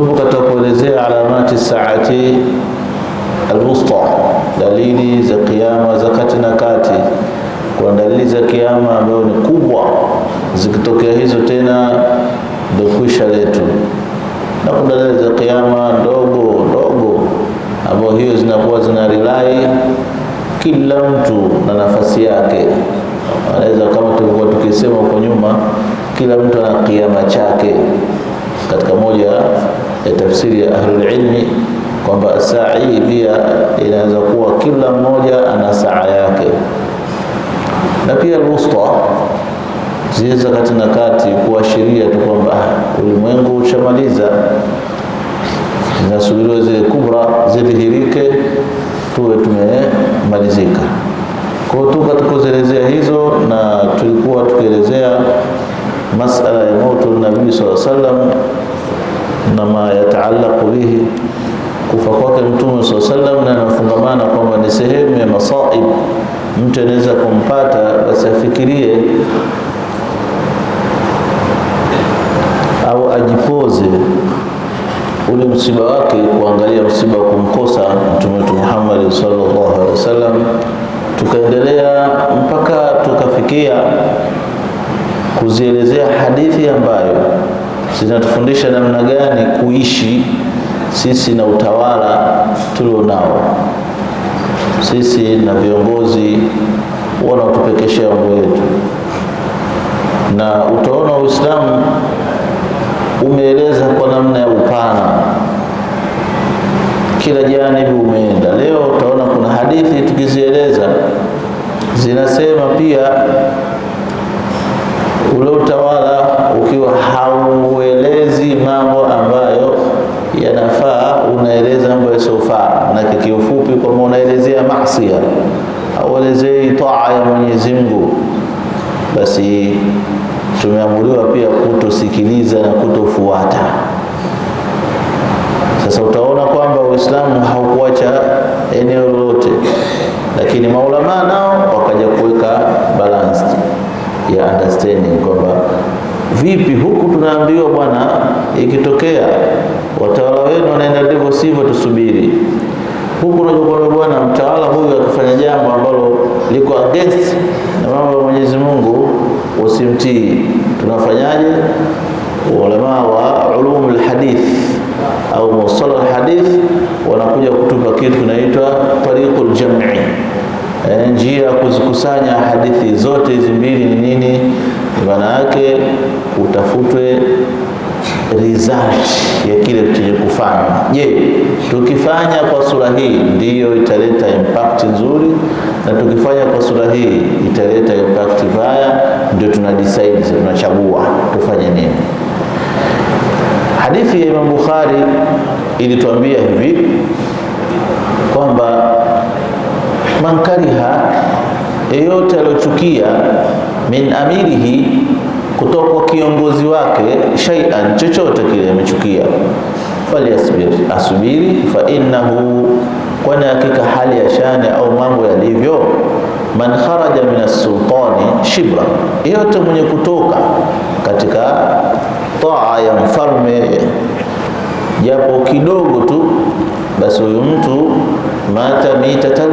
Kumbuka tutakuelezea alamati saati alwusta, dalili za kiama za kati na kati. Kuna dalili za kiama ambayo ni kubwa, zikitokea hizo tena ndio kwisha letu, na kuna dalili za kiama ndogo ndogo ambayo hiyo zinakuwa zina rilai kila mtu na nafasi yake. Anaweza kama tulikuwa tukisema huko nyuma, kila mtu ana kiama chake katika moja ya tafsiri ya ahlulilmi kwamba sa'i pia inaweza kuwa kila mmoja ana saa yake, na pia alwusta ziweza kati na kati kuashiria tu kwamba ulimwengu ushamaliza, zinasubiriwa zile kubra zidhihirike, tuwe tumemalizika. Kwa hiyo tukakuelezea hizo, na tulikuwa tukielezea masala ya mautu nabii sallallahu alaihi wasallam na ma bihi, kufa kwake Mtume swalla sallam, na anafungamana kwamba ni sehemu ya masaib mtu anaweza kumpata, basi afikirie au ajipoze ule msiba wake, kuangalia msiba wa kumkosa Mtume wetu Muhammad sallallahu alaihi wasallam, tukaendelea mpaka tukafikia kuzielezea hadithi ambayo zinatufundisha namna gani kuishi sisi na utawala tulionao, sisi na viongozi wanaotupekeshea mambo yetu, na utaona Uislamu umeeleza kwa namna ya upana, kila janibi umeenda. Leo utaona kuna hadithi tukizieleza zinasema pia ule utawala ukiwa hauelezi mambo ambayo yanafaa, unaeleza mambo yasiofaa Manake kiufupi, kama unaelezea maasi hauelezei taa ya Mwenyezi Mungu, basi tumeamuriwa pia kutosikiliza na kutofuata. Sasa utaona kwamba Uislamu haukuacha eneo lolote, lakini maulama nao wakaja kuweka balance ya understanding kwamba Vipi huku tunaambiwa bwana, ikitokea watawala wenu wanaenda ndivyo sivyo, tusubiri. Huku unachokuambia bwana, mtawala huyu akifanya jambo ambalo liko against na mambo ya Mwenyezi Mungu usimtii. Tunafanyaje? Ulama wa ulum alhadith au mawsala alhadith wanakuja kutupa kitu kinaitwa tariqul jam'i Eh, njia ya kuzikusanya hadithi zote hizi mbili ni nini? Maana yake utafutwe result ya kile chenye kufanya. Je, tukifanya kwa sura hii ndiyo italeta impact nzuri, na tukifanya kwa sura hii italeta impact mbaya, ndio tuna decide, tunachagua tufanye nini. Hadithi ya Imam Bukhari ilituambia hivi kwamba man kariha, yeyote aliyochukia min amirihi, kutoka kwa kiongozi wake, shay'an, chochote kile amechukia, falyasbir, asubiri, fa innahu, kwani hakika hali ya shani au mambo yalivyo man kharaja min as-sultani shibra, yeyote mwenye kutoka katika taa ya mfalme japo kidogo tu, basi huyu mtu mata mitatan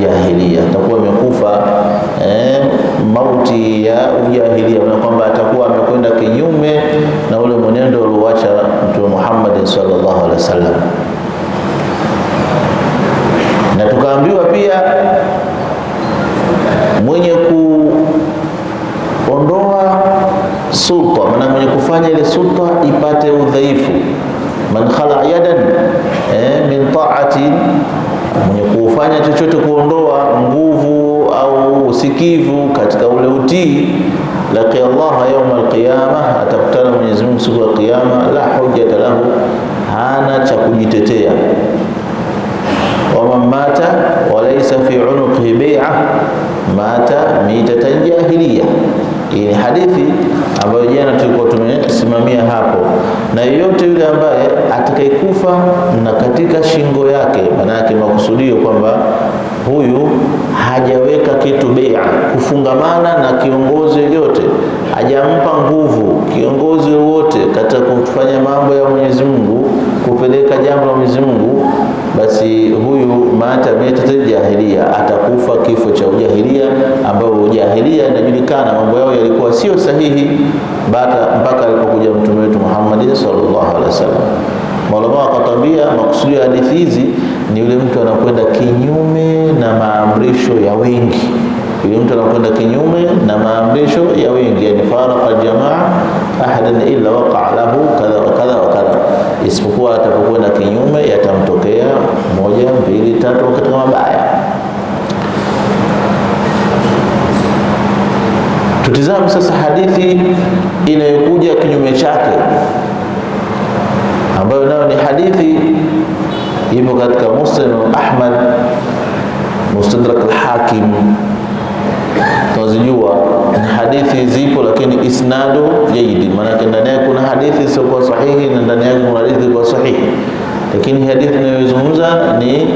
jahilia, atakuwa amekufa eh, mauti ya ujahilia, na kwamba atakuwa amekwenda kinyume na ule mwenendo mtu Mtume Muhammad sallallahu alaihi wasallam. Na tukaambiwa pia mwenye kuondoa sulta, maana mwenye kufanya ile sulta ipate udhaifu, man khala yadan eh, min ta'atin mwenye kuufanya chochote kuondoa nguvu au usikivu katika ule utii, laqiya Allah yauma alqiyama, atakutana Mwenyezi Mungu siku ya Kiyama. La hujjata lahu, hana cha kujitetea. man mata walaysa fi unuqihi bai'a mata mitatan jahiliya ni hadithi ambayo jana tulikuwa tumesimamia hapo, na yeyote yule ambaye atakayekufa na katika shingo yake, maana yake makusudio kwamba huyu hajaweka kitu bea kufungamana na kiongozi yoyote, hajampa nguvu kiongozi wowote katika kufanya mambo ya Mwenyezi Mungu, kupeleka jambo la Mwenyezi Mungu, basi huyu mata maitatl jahilia, atakufa kifo cha ujahilia, ambayo ujahilia inajulikana mambo yao yalikuwa sio sahihi, baada mpaka alipokuja mtume wetu Muhammad sallallahu alaihi wasallam. Maulama wakatwambia makusudio ya hadithi hizi ni yule mtu anakwenda kinyume na maamrisho ya wengi, yule mtu anakwenda kinyume na maamrisho ya wengi, yani faraka jamaa ahadan illa waqaa lahu kadha wa kadha wa kadha, isipokuwa atapokwenda kinyume yatamtokea moja, mbili, tatu katika mabaya. Tutizame sasa hadithi inayokuja kinyume chake ambayo nayo ni hadithi ipo katika Musnad Ahmad, Mustadrak al-Hakim. Tunazijua ni hadithi zipo, lakini isnadu jaidi, maanake ndani yake kuna hadithi sio sahihi na ndani yake kuna hadithi kwa sahihi, lakini hadithi tunayozungumza ni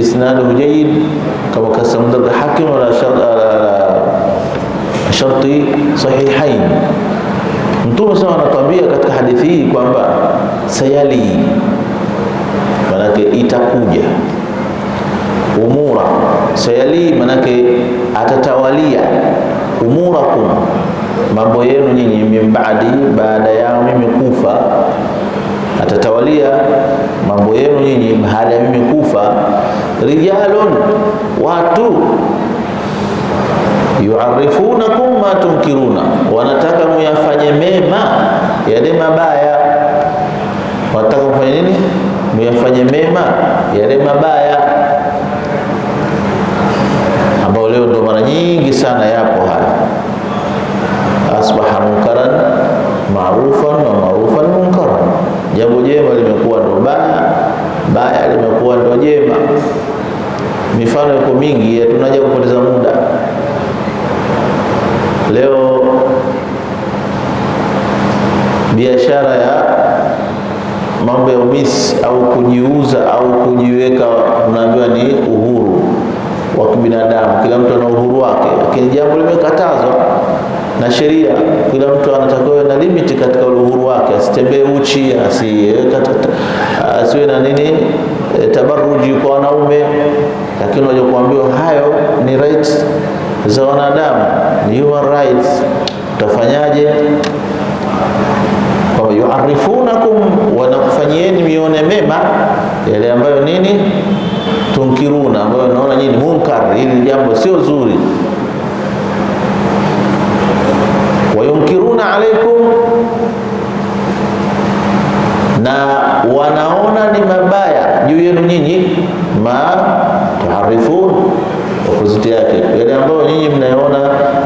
isnadu jaid, kama kasema Mustadrak al-Hakim wala sharti sahihain. Mtume sana anatuambia katika hadithi hii kwamba sayali manake itakuja. Umura sayali manake atatawalia. Umurakum, mambo yenu nyinyi. Min baada yao mimi kufa, atatawalia mambo yenu nyinyi baada ya mimi kufa. Rijalun, watu yuarifunakum ma tunkiruna, wanataka muyafanye mema yale mabaya wataka kufanya nini? Muyafanye mema yale mabaya, ambayo leo ndo mara nyingi sana yapo haya, asbaha munkaran marufan wa marufan munkaran, jambo jema limekuwa ndo baya, baya limekuwa ndo jema. Mifano iko mingi, hatunaja kupoteza muda leo biashara ya mambo ya umisi au kujiuza au kujiweka, unaambiwa ni uhuru wa kibinadamu, kila mtu ana uhuru wake, lakini jambo limekatazwa na sheria. Kila mtu anatakiwa na limiti katika uhuru wake, asitembee uchi, asiwe na nini e, tabaruji kwa wanaume, lakini waje kuambiwa hayo ni rights za wanadamu, ni human rights, utafanyaje? yuarifunakum, wanakufanyieni mione mema yale ambayo nini tunkiruna, ambayo naona nyinyi munkar, hili jambo sio zuri. Wayunkiruna alaikum, na wanaona ni mabaya juu yenu nyinyi, ma tuharifun opposite yake, yale ambayo nyinyi mnayoona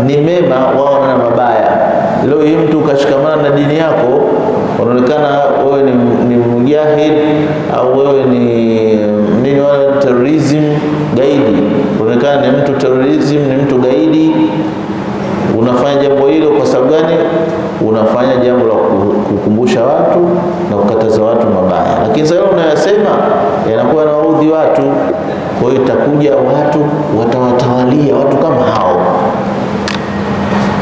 ni mema, wao mabaya. Leo hii mtu ukashikamana na dini yako unaonekana wewe ni, ni mujahid au wewe ni nini, wala terrorism gaidi, unaonekana ni mtu terrorism, ni mtu gaidi. Unafanya jambo hilo kwa sababu gani? Unafanya jambo la kukumbusha watu na kukataza watu mabaya, lakini sasa unayasema yanakuwa nawaudhi watu. Kwa hiyo itakuja watu watawatawalia watu kama hao,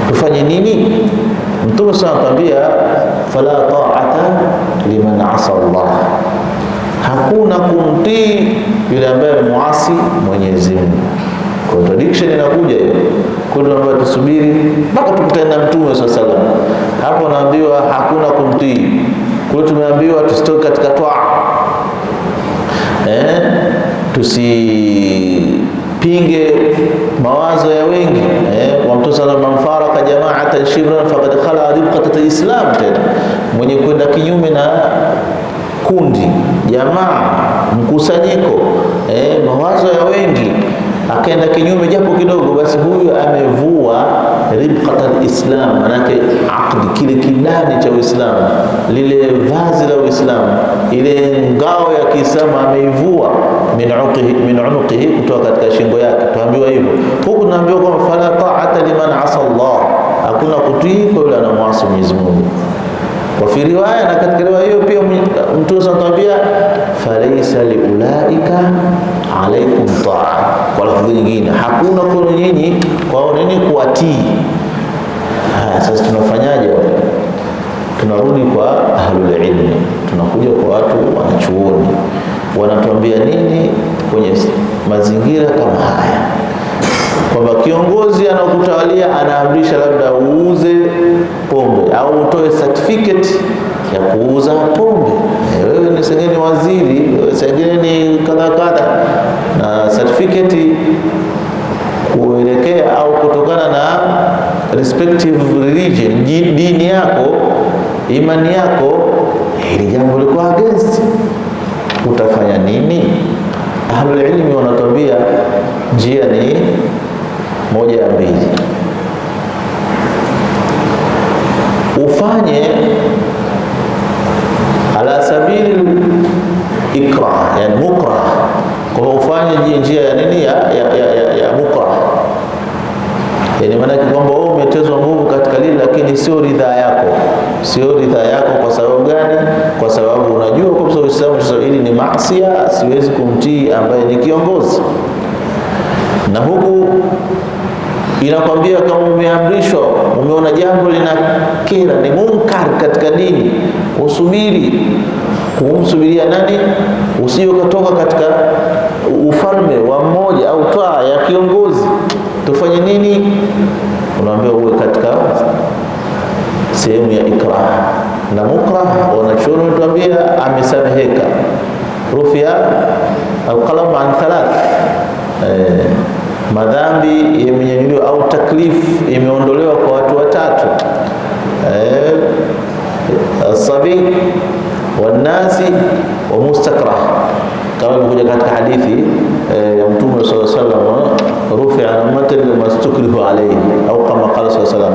tufanye nini? Mtume sana atambia fala ta'ata liman asa Allah, hakuna kumtii yule ambaye muasi Mwenyezi Mungu. Contradiction inakuja hiyo, ambayo tusubiri mpaka tukutane na Mtume swalla Hapo naambiwa hakuna kumtii, kwa tumeambiwa tusitoke katika toa eh, tusi ipinge mawazo ya wengi eh, wa Mtume sallallahu alaihi faraka jama'atan shibran faqad khala ribqata alislam, tena mwenye kwenda kinyume na kundi jamaa mkusanyiko eh, mawazo ya wengi akaenda kinyume japo kidogo, basi huyu amevua ribqata alislam, manake aqd, kile kidani cha Uislamu, lile vazi la Uislamu, ile ngao ya Kiislamu ameivua min uqihi min unuqihi, kutoka katika shingo yake. Tuambiwa hivyo huku, tunaambiwa kwamba fala ta'ata liman asa Allah, hakuna kutii kwa yule anamwasi Mwenyezi Mungu. Kwa fi riwaya, na katika riwaya hiyo pia mtume anatuambia falaisa liulaika alaikum taa lafdhi nyingine, hakuna kwenu nyinyi kwao nini kuwatii. Haya, sasa tunafanyaje? Tunarudi kwa ahlul ilmi, tunakuja kwa watu wanachuoni, wanatuambia nini kwenye mazingira kama haya, kwamba kiongozi anakutawalia anaamrisha labda uuze pombe au utoe certificate ya kuuza pombe. Eh, wewe ni sengeni waziri, sengeni ni kadha kadha, na certificate respective religion, dini yako, imani yako, hili jambo liko against, utafanya nini? ahlulilmi ilmi wanatuambia njia ni moja ya mbili, ufanye ala sabili ikra, yani mukra, kwa ufanye njia ya nini ya, ya, ya, ya, ya Yani maanake kwamba wewe umetezwa nguvu katika lile, lakini sio ridhaa yako, sio ridhaa yako. Kwa sababu gani? Kwa sababu unajua kwamba Uislamu hili ni masia, siwezi kumtii ambaye ni kiongozi, na huku inakwambia kama umeamrishwa, umeona jambo lina ni munkar katika dini, usubiri kumsubiria nani? Usije ukatoka katika ufalme wa mmoja au taa ya kiongozi tufanye nini? Unaambiwa uwe katika sehemu ya ikrah na mukrah. Wanachuoni wametuambia amesameheka, rufia alqalamu an thalath, eh, madhambi yamenyanyuliwa au taklif imeondolewa kwa watu watatu, eh, asabi wanasi wa mustakrah, kama ilivyokuja katika hadithi Eh, ya Mtume sallallahu alaihi wasallam, rufia amatan lima stukrihu alayhi au kama qala sallallahu alaihi wasallam,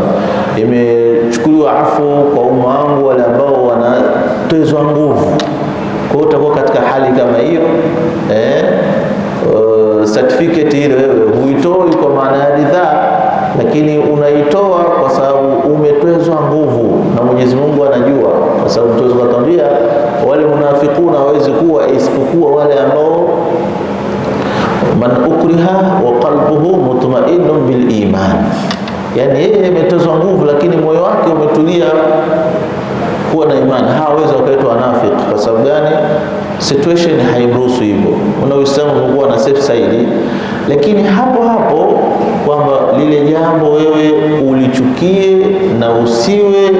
imechukuliwa afu kwa umma wangu wale ambao wanatezwa nguvu. Kwa hiyo utakuwa katika hali kama hiyo eh, eh, certificate ile wewe huitoi kwa maana ya ridhaa, lakini unaitoa kwa sababu umetwezwa nguvu, na Mwenyezi Mungu anajua, kwa sababu Mwenyezi Mungu wale munafikuna hawezi kuwa isipokuwa wale ambao man ukriha wa qalbuhu mutma'innun bil iman, yani yeye ametozwa nguvu, lakini moyo wake umetulia kuwa na imani. hawezi wakaitwa wanafiq. Kwa sababu gani? Situation hairuhusu hivyo. Una Uislamu umekuwa na safe side, lakini hapo hapo kwamba lile jambo wewe ulichukie na usiwe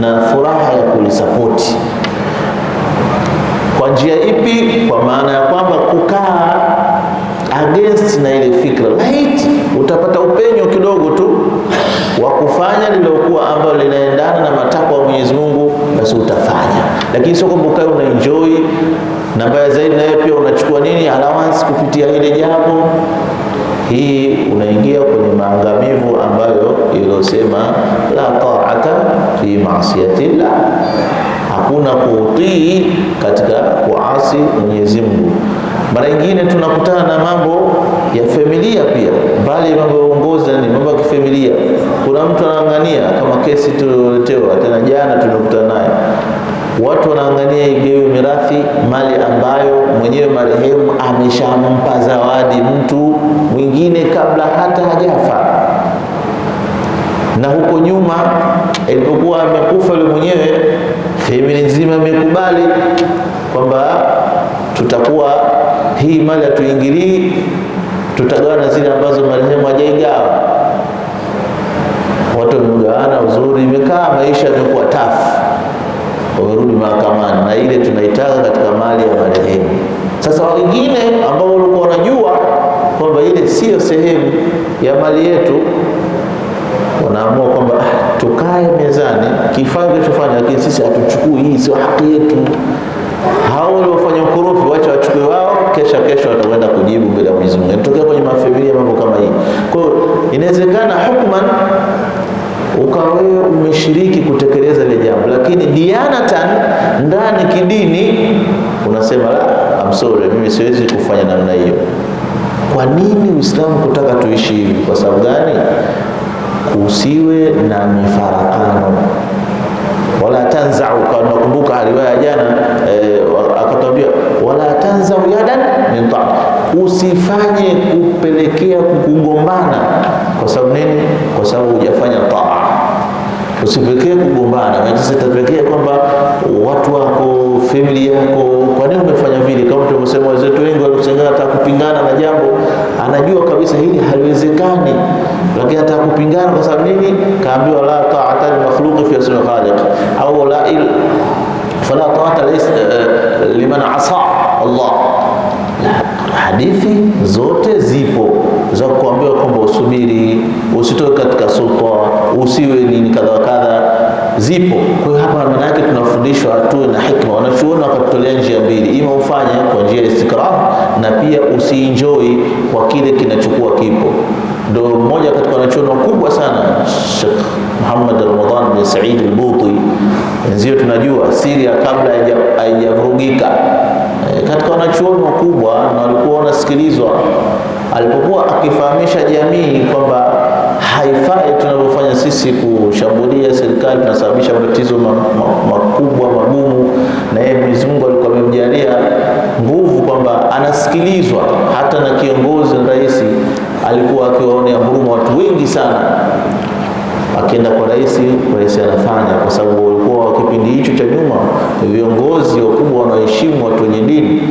na furaha ya kulisapoti kwa njia ipi? Kwa maana ya kwamba kukaa against na ile fikra light, utapata upenyo kidogo tu wa kufanya lilokuwa ambalo linaendana na matakwa ya Mwenyezi Mungu, basi utafanya, lakini sio kwamba ukae una enjoy. Na mbaya zaidi, nawe pia unachukua nini allowance kupitia ile jambo hii, unaingia kwenye maangamivu ambayo ilosema la taata fi maasiyatillah, hakuna kuutii katika kuasi Mwenyezi Mungu. Mara nyingine tunakutana na mambo ya familia pia, mbali mambo ya uongozi ni mambo ya kifamilia. Kuna mtu anaangania kama kesi tuletewa tena jana, tulikutana naye, watu wanaangania igewe mirathi mali ambayo mwenyewe marehemu ameshampa zawadi mtu mwingine kabla hata hajafa, na huko nyuma ilipokuwa amekufa yule mwenyewe, familia nzima imekubali kwamba tutakuwa hii mali hatuingilii, tutagawa na zile ambazo marehemu hajaigawa. Watu wamegawana uzuri, imekaa maisha yamekuwa tafu, wamerudi mahakamani na ile tunaitaka katika mali ya marehemu. Sasa wengine ambao walikuwa wanajua kwamba ile siyo sehemu ya mali yetu wanaamua kwamba ah, tukae mezani, kifaa kilichofanya, lakini sisi hatuchukui, hii sio haki yetu hao waliofanya ukorofi wacha wachukue wao, kesha kesho watakwenda kujibu mbele ya Mwenyezi Mungu. Inatokea kwenye mafamilia mambo kama hii. Kwa hiyo inawezekana hukman ukawewe umeshiriki kutekeleza ile jambo, lakini dianatan, ndani kidini, unasema la, I'm sorry, mimi siwezi kufanya namna hiyo. Kwa nini Uislamu kutaka tuishi hivi? Kwa sababu gani? Kusiwe na mifarakano wala tanzau, nakumbuka riwaya jana e, eh, akatwambia wala tanzau yadan min ta, usifanye kupelekea kukugombana. Kwa sababu nini? Kwa sababu hujafanya taa. Usipelekee kugombana, tatupelekea kwamba watu wako family yako, kwa nini umefanya vile? Kama tulivyosema, wenzetu wengi walikusanyana hata kupingana na jambo, anajua kabisa hili haliwezekani, lakini hata kupingana. Kwa sababu nini? Kaambiwa la taa المخلوق في اسم الخالق او لا إل... فلا fala taata eh, liman asa Allah. Hadithi zote zipo za kuambiwa kwamba usubiri, usitoke katika supa, usiwe nini kadha kadha, zipo. Kwa hapa maana yake tunafundishwa tuwe na hikma. Wanachuoni wakatutolea njia mbili, ima ufanye kwa njia ya istikrar na pia usienjoy kwa kile kinachokuwa kipo. Ndio mmoja katika wanachuona kubwa sana Sheikh Muhammad Ramadhan bin Said al-Buti, ndio tunajua Syria kabla haijavurugika e, katika wanachuoni wakubwa na walikuwa wanasikilizwa alipokuwa akifahamisha jamii kwamba haifai tunavyofanya sisi kushambulia serikali, tunasababisha matatizo makubwa ma, ma, magumu. Na yeye Mwenyezi Mungu alikuwa amemjalia nguvu kwamba anasikilizwa hata na kiongozi alikuwa akiwaonea huruma watu wengi sana. Akienda kwa rais, rais anafanya, kwa sababu walikuwa kipindi hicho cha nyuma viongozi wakubwa wanaheshimu watu wenye dini.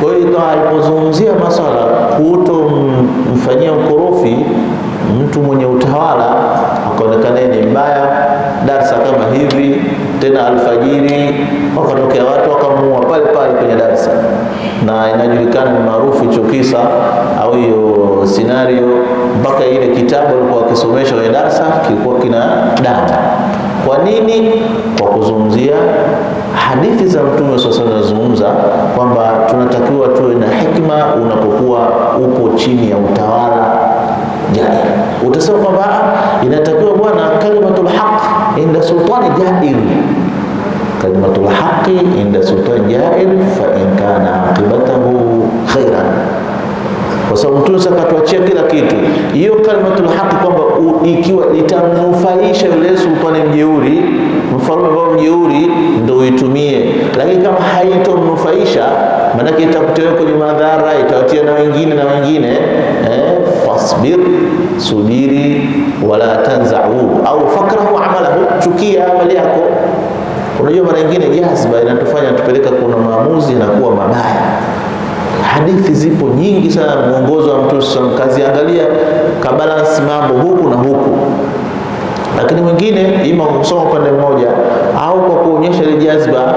Kwa hiyo ikawa alipozungumzia maswala kutomfanyia ukorofi mtu mwenye utawala, akaonekana ni mbaya, darsa kama hivi tena alfajiri, wakatokea watu wakamuua pale pale kwenye darsa, na inajulikana maarufu hicho kisa au hiyo kwa scenario mpaka ile kitabu alikuwa akisomesha kwenye darasa kilikuwa kina data. Kwa nini? Kwa kuzungumzia hadithi za Mtume sasa tunazungumza kwamba tunatakiwa tuwe na hikma unapokuwa upo chini ya utawala jair. Utasema kwamba ah, inatakiwa bwana, kalimatul haq inda sultani jair kalimatul haqi inda sultani jair fa in kana aqibatahu khairan kwa sababu Mtume sasa katuachia kila kitu. Hiyo kalimatul haki kwamba ikiwa itamnufaisha yule Yesu mjeuri, mfalme ambao mjeuri ndio uitumie, lakini kama haitomnufaisha maanake itakutia kwenye madhara, itawatia na wengine na wengine eh, fasbir, subiri, wala tanzau au fakrahu amalahu, chukia amali yako. Unajua mara nyingine jazba inatufanya tupeleka kuna maamuzi na kuwa mabaya hadithi zipo nyingi sana, mwongozo wa Mtume SAW, kaziangalia kabalansi mambo huku na huku, lakini mwingine ima kusoma upande mmoja au kwa kuonyesha ile jazba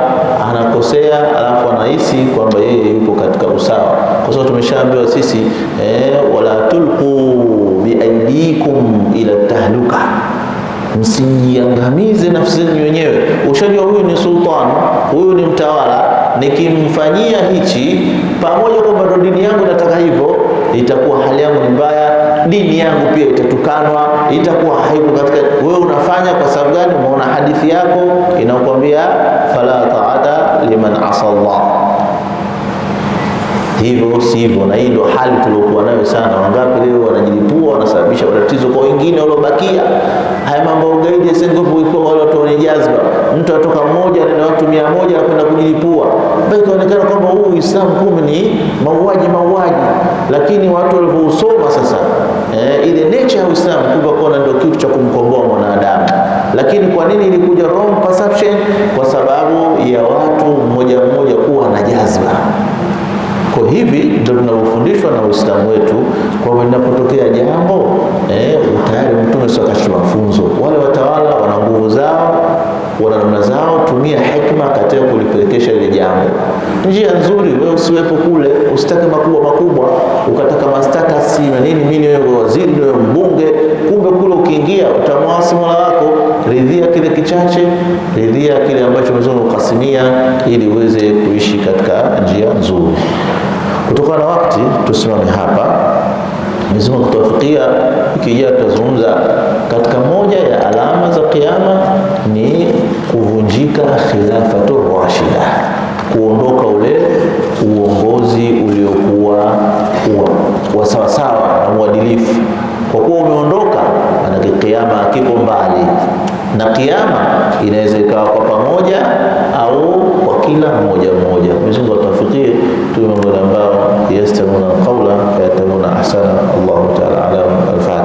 anakosea, alafu anahisi kwamba yeye yuko katika usawa, kwa sababu tumeshaambiwa sisi eh, wala tulqu biaidikum ila tahluka msijiangamize nafsi zenu wenyewe. Ushajua huyu ni sultan, huyu ni mtawala nikimfanyia hichi pamoja kwamba ndo dini yangu nataka hivyo, itakuwa hali yangu ni mbaya, dini yangu pia itatukanwa, itakuwa haibu katika wewe. Unafanya kwa sababu gani? Umeona hadithi yako inakwambia fala taata liman asa Allah hivyo sivyo, na hii ndio hali tuliokuwa nayo sana. Wangapi leo wanajilipua, wanasababisha matatizo kwa wengine waliobakia. Haya mambo ya ugaidi yasingepo, wale watu wenye jazba, mtu atoka mmoja na watu mia moja na kwenda kujilipua, basi ikaonekana kwamba huu Uislamu kumbe ni mauaji, mauaji. Lakini watu walivyosoma sasa, eh, ile nature ya Uislamu kumbe ndio kitu cha kumkomboa mwanadamu. Lakini kwa nini ilikuja Roma? Kwa hivi ndio tunavyofundishwa na Uislamu wetu, kwamba linapotokea jambo eh, tayari mtume sakashi mafunzo. Wale watawala wana nguvu zao, wana namna zao, tumia hekima katika kulipelekesha ile jambo njia nzuri wewe usiwepo kule, usitake makubwa makubwa, ukataka si na nini, mimi niwe waziri niwe mbunge, kumbe kule ukiingia utamwasi Mola wako. Ridhia kile kichache, ridhia kile ambacho Mwenyezi ukasimia, ili uweze kuishi katika njia nzuri. Kutokana na wakati, tusimame hapa. Mwenyezi Mungu ikija tutazungumza katika moja ya alama za kiyama ni kuvunjika khilafatu rashida kuondoka ule uongozi uliokuwa wa sawasawa na uadilifu. Kwa kuwa umeondoka, manake kiama kipo mbali, na kiama inaweza ikawa kwa pamoja au kwa kila mmoja mmoja. Mwenyezi Mungu tu tuwe miongoni ambao yastami'una alqawla fayattabi'una ahsana. Allahu ta'ala a'lam.